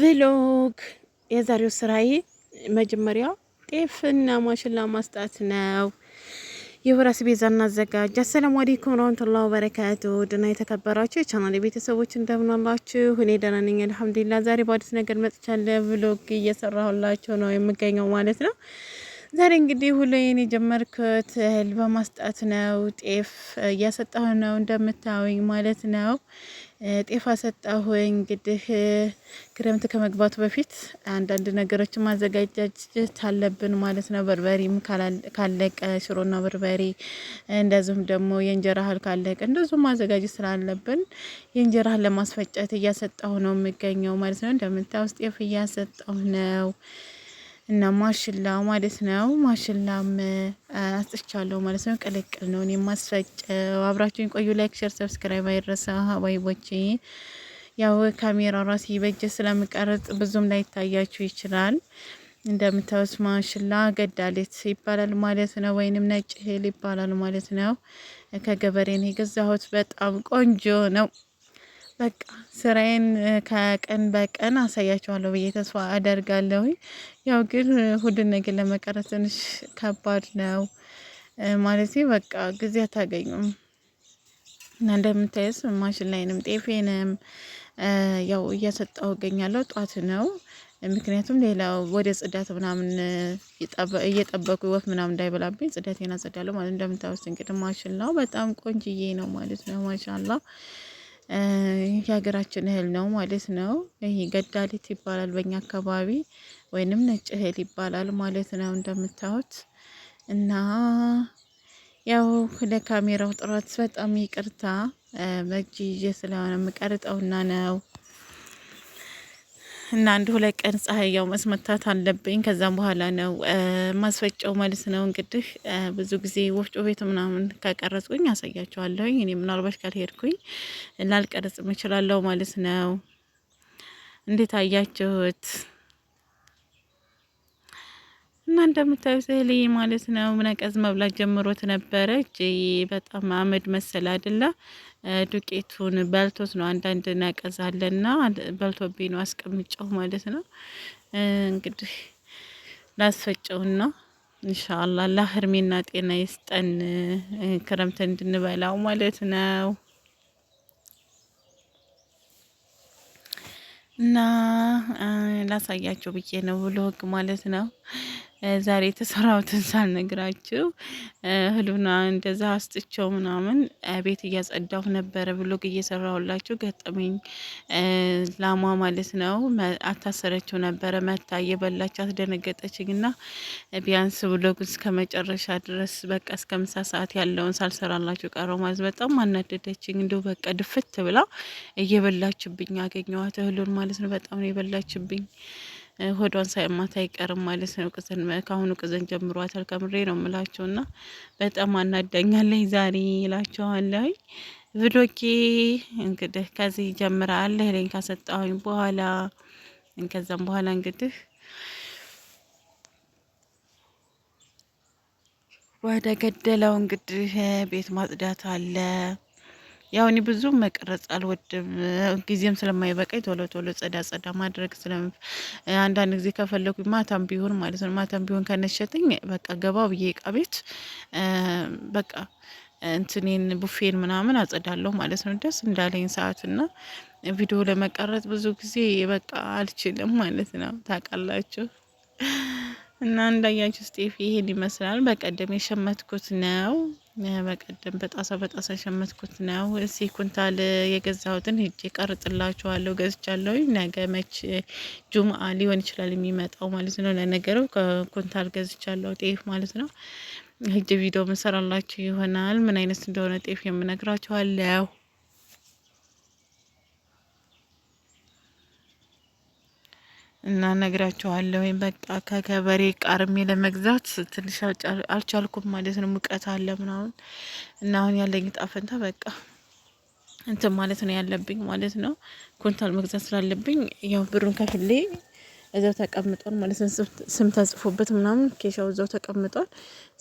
ቪሎግ የዛሬው ስራዬ መጀመሪያ ጤፍና ማሽላ ማስጣት ነው። የወራስ ቤዛ እናዘጋጅ። አሰላሙ አለይኩም ወራህመቱላሂ ወበረካቱ። ድና የተከበራችሁ የቻናል ቤተሰቦች እንደምናላችሁ፣ እኔ ደህና ነኝ አልሐምዱሊላህ። ዛሬ በአዲስ ነገር መጥቻለሁ። ቪሎግ እየሰራሁላችሁ ነው የምገኘው ማለት ነው። ዛሬ እንግዲህ ሁሌን የጀመርኩት እህል በማስጣት ነው። ጤፍ እያሰጣሁ ነው እንደምታዩኝ ማለት ነው። ጤፍ አሰጣሁ። እንግዲህ ክረምት ከመግባቱ በፊት አንዳንድ ነገሮች ማዘጋጀት አለብን ማለት ነው። በርበሬም ካለቀ ሽሮና በርበሬ፣ እንደዚሁም ደግሞ የእንጀራ እህል ካለቀ እንደዚሁም ማዘጋጀት ስላለብን የእንጀራ እህል ለማስፈጨት እያሰጣሁ ነው የሚገኘው ማለት ነው። እንደምታውስ ጤፍ እያሰጣሁ ነው። እና ማሽላ ማለት ነው። ማሽላም አስጥቻለሁ ማለት ነው። ቅልቅል ነው እኔ የማስፈጨው። አብራችሁኝ ቆዩ። ላይክ፣ ሸር፣ ሰብስክራይብ አይረሳ ሀባይቦች። ያው ካሜራ ራሴ በእጄ ስለምቀርጽ ብዙም ላይታያችሁ ይችላል። እንደምታዩት ማሽላ ገዳሌት ይባላል ማለት ነው። ወይንም ነጭ እህል ይባላል ማለት ነው። ከገበሬን የገዛሁት በጣም ቆንጆ ነው። በቃ ስራዬን ከቀን በቀን አሳያችኋለሁ ብዬ ተስፋ አደርጋለሁ። ያው ግን ሁሉን ነገር ለመቀረጽ ትንሽ ከባድ ነው ማለት በቃ ጊዜ አታገኙም እና እንደምታየስ ማሽን ላይንም ጤፌንም ያው እያሰጣሁ እገኛለሁ። ጧት ነው ምክንያቱም ሌላው ወደ ጽዳት ምናምን እየጠበቁ ወፍ ምናምን እንዳይበላብኝ ጽዳቴን አጸዳለሁ ማለት እንደምታወስ እንግዲህ ማሽን ነው። በጣም ቆንጅዬ ነው ማለት ነው ማሻላ የሀገራችን እህል ነው ማለት ነው። ይህ ገዳሊት ይባላል በኛ አካባቢ ወይንም ነጭ እህል ይባላል ማለት ነው እንደምታዩት። እና ያው ለካሜራው ጥራት በጣም ይቅርታ በእጅ ይዤ ስለሆነ የምቀርጠውና ነው እና አንድ ሁለት ቀን ፀሐያው ያው መስመታት አለብኝ። ከዛም በኋላ ነው ማስፈጨው ማለት ነው። እንግዲህ ብዙ ጊዜ ወፍጮ ቤት ምናምን ከቀረጽኩኝ አሳያቸዋለሁኝ። እኔ ምናልባት ካልሄድኩኝ ላልቀረጽም እችላለሁ ማለት ነው። እንዴት አያችሁት? እና እንደምታዩት እህል ማለት ነው ነቀዝ መብላት ጀምሮት ነበረ። እጅ በጣም አመድ መሰል አይደለ ዱቄቱን በልቶት ነው። አንዳንድ ነቀዝ አለና በልቶብኝ ነው አስቀምጫው ማለት ነው። እንግዲህ ላስፈጨውን ነው እንሻአላ ጤና ይስጠን፣ ክረምት እንድንበላው ማለት ነው። እና ላሳያቸው ብዬ ነው ብሎግ ማለት ነው። ዛሬ የተሰራውትን ሳልነግራችሁ እህሉና እንደዛ አስጥቸው ምናምን ቤት እያጸዳሁ ነበረ። ብሎግ እየሰራሁላችሁ ገጠመኝ። ላሟ ማለት ነው አታሰረችው ነበረ መታ እየበላች አስደነገጠች። ግና ቢያንስ ብሎግ እስከ መጨረሻ ድረስ በቃ እስከ ምሳ ሰዓት ያለውን ሳልሰራላችሁ ቀረው ማለት በጣም አናደደች። እንዲሁ በቃ ድፍት ብላ እየበላችብኝ አገኘዋት እህሉን ማለት ነው። በጣም ነው የበላችብኝ። ሆዷን ሳይማት አይቀርም ማለት ነው። ቅዘን ከአሁኑ ቅዘን ጀምሯታል። ከምሬ ነው ምላቸው እና በጣም አናዳኛለኝ ዛሬ ይላቸዋለኝ። ቪዶኬ እንግዲህ ከዚህ ጀምራል ሄሌን ካሰጣሁኝ በኋላ ከዛም በኋላ እንግዲህ ወደ ገደለው እንግዲህ ቤት ማጽዳት አለ ያው እኔ ብዙ መቅረጽ አልወድም፣ ጊዜም ስለማይበቃኝ ቶሎ ቶሎ ጸዳ ጸዳ ማድረግ አንዳንድ ጊዜ ከፈለጉ ማታም ቢሆን ማለት ነው ማታም ቢሆን ከነሸተኝ በቃ ገባ ብዬ እቃ ቤት በቃ እንትኔን ቡፌን ምናምን አጸዳለሁ ማለት ነው ደስ እንዳለኝ ሰዓትና ቪዲዮ ለመቀረጽ ብዙ ጊዜ በቃ አልችልም ማለት ነው ታውቃላችሁ። እና እንዳያችሁ ስጤፍ ይሄን ይመስላል። በቀደም የሸመትኩት ነው። በቀደም በጣሳ በጣሳ ሸመትኩት ነው። እዚህ ኩንታል የገዛሁትን ሄጄ ቀርጥላችኋለሁ። ገዝቻለሁ። ነገ መች ጁምአ ሊሆን ይችላል የሚመጣው ማለት ነው። ለነገረው ከኩንታል ገዝቻለሁ ጤፍ ማለት ነው። ሄጄ ቪዲዮ ምሰራላችሁ ይሆናል። ምን አይነት እንደሆነ ጤፍ የምነግራችኋለሁ። እና ነግራችኋለሁ። በቃ ከከበሬ ቃርሜ ለመግዛት ትንሽ አልቻልኩም ማለት ነው። ሙቀት አለ ምናምን እና አሁን ያለኝ ጣፈንታ በቃ እንትን ማለት ነው ያለብኝ ማለት ነው። ኩንታል መግዛት ስላለብኝ ያው ብሩን ከፍሌ እዛው ተቀምጧል ማለት ነው። ስም ተጽፎበት ምናምን ኬሻው እዛው ተቀምጧል።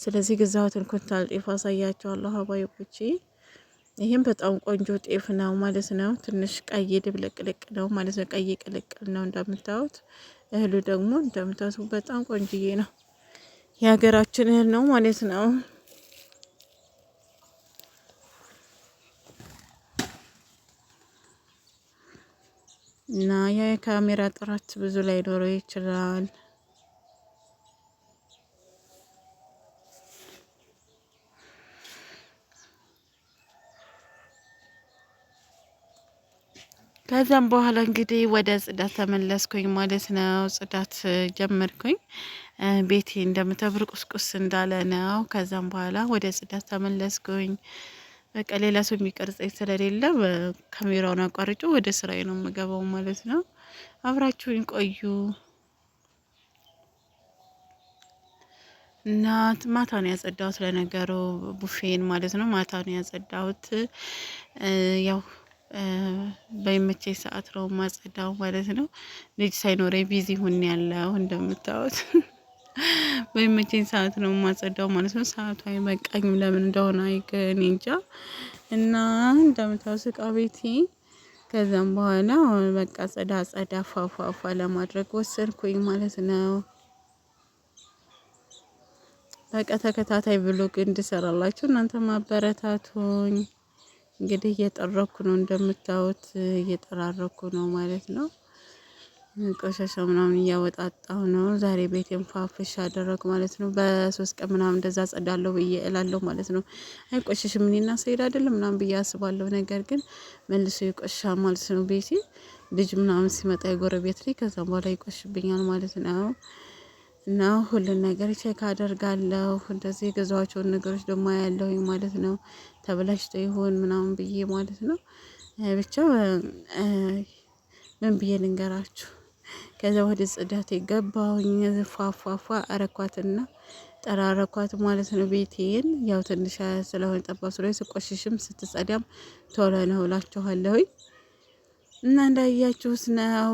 ስለዚህ ግዛሁትን ኩንታል ጤፍ አሳያቸዋለሁ ሀባይ ቁጪ ይህም በጣም ቆንጆ ጤፍ ነው ማለት ነው። ትንሽ ቀይ ድብልቅልቅ ነው ማለት ነው። ቀይ ቅልቅል ነው እንደምታዩት። እህሉ ደግሞ እንደምታዩት በጣም ቆንጅዬ ነው። የሀገራችን እህል ነው ማለት ነው። እና የካሜራ ጥራት ብዙ ላይ ይችላል። ከዛም በኋላ እንግዲህ ወደ ጽዳት ተመለስኩኝ ማለት ነው። ጽዳት ጀመርኩኝ። ቤቴ እንደምታብር ቁስቁስ እንዳለ ነው። ከዛም በኋላ ወደ ጽዳት ተመለስኩኝ። በቃ ሌላ ሰው የሚቀርጸኝ ስለሌለ ካሜራውን አቋርጮ ወደ ስራዬ ነው የምገባው ማለት ነው። አብራችሁኝ ቆዩ እና ማታ ነው ያጸዳሁት። ለነገሩ ቡፌን ማለት ነው ማታ ነው ያጸዳሁት ያው በይመቼ ሰዓት ነው ማጸዳው ማለት ነው። ልጅ ሳይኖረኝ ቢዚ ሁን ያለው እንደምታዩት በይመቼን ሰዓት ነው ማጸዳው ማለት ነው። ሰዓቱ አይበቃኝም ለምን እንደሆነ አይገን እንጃ። እና እንደምታዩት እቃ ቤቴ ከዛም በኋላ በቃ ጸዳ ጸዳ ፏፏፏ ለማድረግ ወሰንኩኝ ማለት ነው። በቃ ተከታታይ ብሎግ እንድሰራላችሁ እናንተ ማበረታቱኝ። እንግዲህ እየጠረኩ ነው እንደምታዩት፣ እየጠራረኩ ነው ማለት ነው። ቆሻሻ ምናምን እያወጣጣሁ ነው። ዛሬ ቤቴን ፋፍሽ አደረግ ማለት ነው። በሶስት ቀን ምናምን እንደዛ ጸዳለሁ ብዬ እላለሁ ማለት ነው። አይቆሽሽም እኔና ሰይድ አይደለም ምናምን ብዬ አስባለሁ። ነገር ግን መልሶ ይቆሻ ማለት ነው። ቤቴ ልጅ ምናምን ሲመጣ የጎረቤት ላይ ከዛም በኋላ ይቆሽብኛል ማለት ነው። እና ሁሉን ነገር ቼክ አደርጋለሁ። እንደዚህ የገዛኋቸውን ነገሮች ደግሞ ያለሁኝ ማለት ነው። ተበላሽቶ ይሆን ምናምን ብዬ ማለት ነው። ብቻ ምን ብዬ ልንገራችሁ። ከዛ ወደ ጽዳት የገባሁኝ ፏፏፏ አረኳትና ጠራረኳት ማለት ነው። ቤቴን ያው ትንሽ ስለሆነ ጠባብ ስለሆነ ስቆሽሽም ስትጸዳም ቶሎ ነው እላችኋለሁኝ። እና እንዳያችሁስ ነው።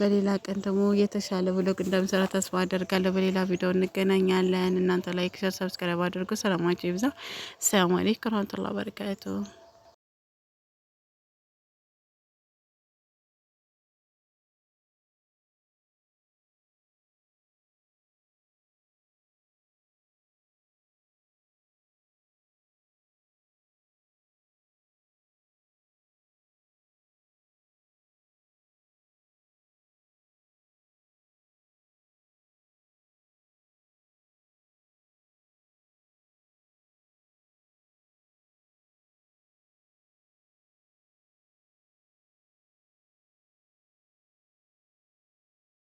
በሌላ ቀን ደግሞ የተሻለ ብሎግ እንደምሰራ ተስፋ አደርጋለሁ። በሌላ ቪዲዮ እንገናኛለን። እናንተ ላይክ፣ ሸር፣ ሰብስክራይብ አድርጉ። ሰላማችሁ ይብዛ። ሰላም አለይኩም ወራህመቱላሂ ወበረካቱሁ